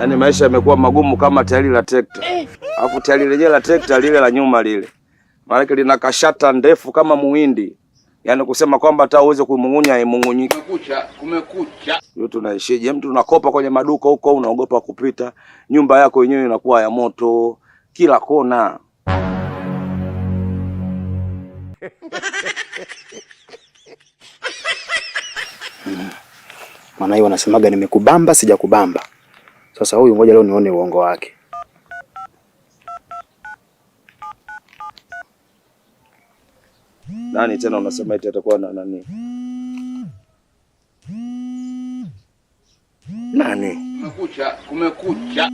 Yaani maisha yamekuwa magumu kama tairi la trekta. Eh. Alafu tairi lenyewe la trekta lile la nyuma lile. Maana yake lina kashata ndefu kama muhindi. Yaani kusema kwamba hata uweze kumung'unya haimung'unyiki. Kumekucha, kumekucha. Hiyo tunaishije? Mtu yaani unakopa kwenye maduka huko unaogopa kupita. Nyumba yako yenyewe inakuwa ya moto kila kona. Maana hiyo wanasemaga nimekubamba sijakubamba. Sasa huyu ngoja leo nione uongo wake. Nani tena unasema eti atakuwa na nani? Nani? Kumekucha, kumekucha.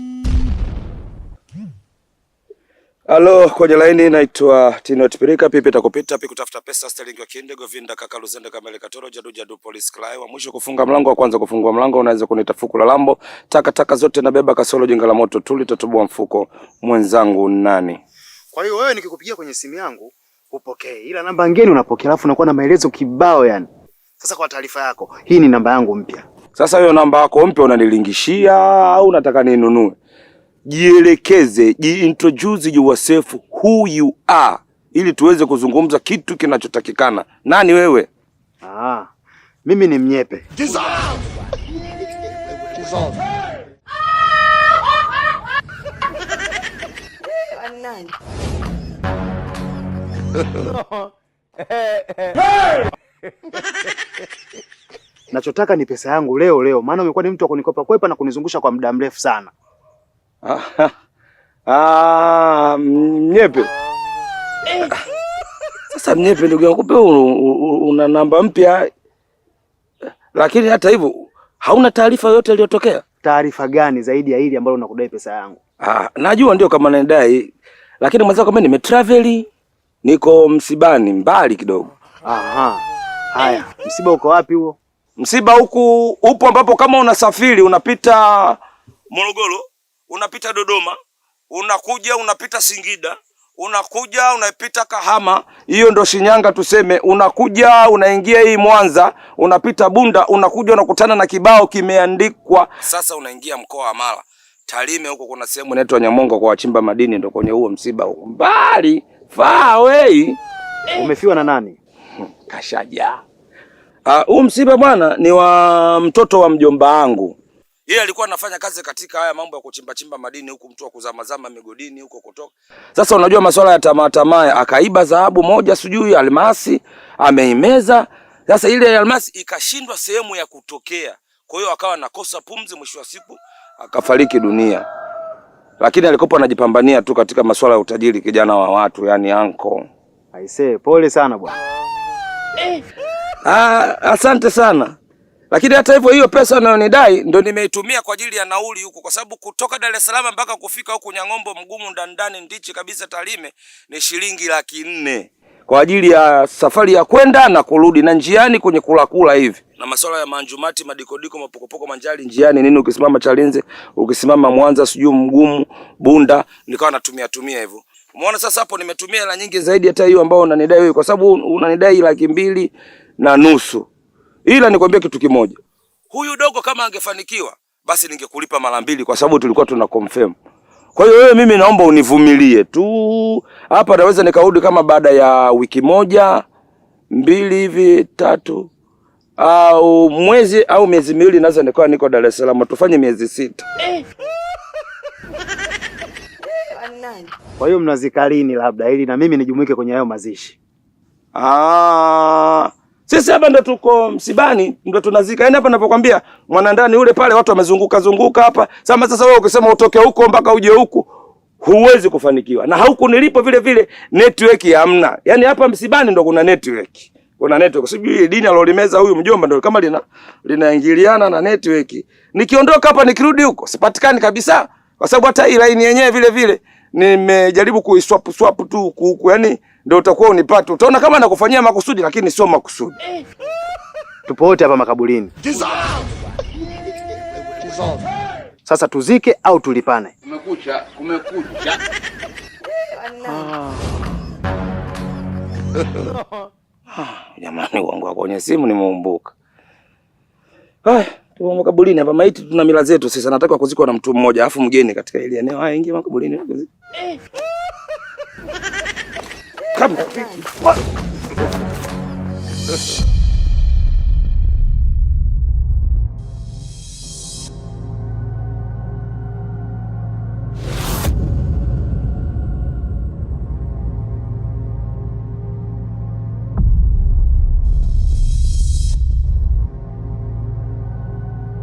Halo, kwenye laini naitwa Tino Tipirika pipi takupita pipi kutafuta pesa sterling wa Kinde Govinda kaka Luzenda Kamele Katoro jadu jadu police clay wa mwisho kufunga mlango wa kwanza kufungua mlango unaweza kuniita fuku la lambo taka taka zote na beba kasoro jinga la moto tuli tatubua mfuko mwenzangu nani. Kwa hiyo wewe nikikupigia kwenye simu yangu upokee ila namba ngeni unapokea alafu unakuwa na maelezo kibao yani. Sasa kwa taarifa yako hii ni namba yangu mpya. Sasa hiyo namba yako mpya unanilingishia au unataka ninunue? jielekeze, jiintroduce yourself who you are, ili tuweze kuzungumza kitu kinachotakikana. Nani wewe? Ah, mimi ni mnyepe nachotaka ni pesa yangu leo leo, maana umekuwa ni mtu wa kunikopa kwepa na kunizungusha kwa muda mrefu sana. Ah, ah, mnyepe eh. ah. Sasa mnyepe, ndugu yangu, kumbe una namba mpya, lakini hata hivyo hauna taarifa yoyote iliyotokea. Taarifa gani zaidi ya ile ambayo unakudai pesa yangu? Ah, najua ndio kama nanidai, lakini mwenzako mimi travel niko msibani mbali kidogo. Aha. Haya, msiba uko wapi huo? Msiba huku upo ambapo kama unasafiri unapita Morogoro unapita Dodoma, unakuja unapita Singida, unakuja unapita Kahama, hiyo ndo Shinyanga tuseme, unakuja unaingia hii Mwanza, unapita Bunda, unakuja unakutana na kibao kimeandikwa. Sasa unaingia mkoa wa Mara Tarime, huko kuna sehemu inaitwa Nyamongo kwa wachimba madini, ndo kwenye huo msiba huko mbali fawei. Umefiwa na nani? Kashaja ah, huu uh, msiba bwana, ni wa mtoto wa mjomba wangu yeye alikuwa anafanya kazi katika haya mambo ya kuchimba chimba madini huku mtu zama migodini huko kutoka. Sasa unajua masuala ya tamaa tamaa, akaiba dhahabu moja sijui almasi ameimeza. Sasa ile almasi ikashindwa sehemu ya kutokea. Kwa hiyo akawa nakosa pumzi, mwisho wa siku akafariki dunia. Lakini alikopo anajipambania tu katika masuala ya utajiri, kijana wa watu, yani anko. Aisee, pole sana bwana. Eh. Ah, asante sana. Lakini hata hivyo hiyo pesa unayonidai ndo nimeitumia kwa ajili ya nauli huko, kwa sababu kutoka Dar es Salaam mpaka kufika huku Nyang'ombo mgumu ndandani ndichi kabisa Tarime ni shilingi laki nne kwa ajili ya safari ya kwenda na kurudi, na njiani kwenye kulakula hivi na masuala ya manjumati, madikodiko, mapokopoko, manjali njiani nini, ukisimama Chalinze, ukisimama Mwanza, sijui mgumu Bunda, nikawa natumia tumia hivyo. Umeona sasa hapo nimetumia hela nyingi zaidi hata hiyo ambayo unanidai wewe, kwa sababu unanidai laki mbili na nusu ila nikwambie kitu kimoja, huyu dogo kama angefanikiwa, basi ningekulipa mara mbili, kwa sababu tulikuwa tuna confirm. Kwa hiyo wewe, mimi naomba univumilie tu hapa, naweza nikarudi kama baada ya wiki moja mbili hivi tatu au mwezi au miezi miwili, naweza nikawa niko Dar es Salaam, tufanye miezi sita eh. Kwa hiyo mnazikalini labda ili na mimi nijumuike kwenye hayo mazishi. Ah. Sisi hapa ndo tuko msibani, ndo tunazika. Yaani hapa ninapokuambia mwanandani yule pale watu wamezunguka zunguka hapa. Sasa sasa wewe ukisema utoke huko mpaka uje huku huwezi kufanikiwa. Na huku nilipo vile vile network hamna. Ya Yaani hapa msibani ndo kuna network. Kuna network. Sijui dini alolimeza huyu mjomba ndo kama lina linaingiliana na network. Nikiondoka hapa nikirudi huko sipatikani kabisa. Kwa sababu hata hii line yenyewe vile vile nimejaribu kuiswap swap tu huku yaani ndio utakuwa unipate. Utaona kama nakufanyia makusudi, lakini sio makusudi. Eh. Tupo wote hapa makaburini. Sasa tuzike au tulipane? Kumekucha, kumekucha. Ah. Ah, jamani, wangu kwenye simu nimeumbuka. Haya, tupo makaburini hapa, maiti tuna mila zetu sisi. Nataka kuzikwa na mtu mmoja, afu mgeni katika ile eneo. Haya, ingia makaburini. Eh. Come. on.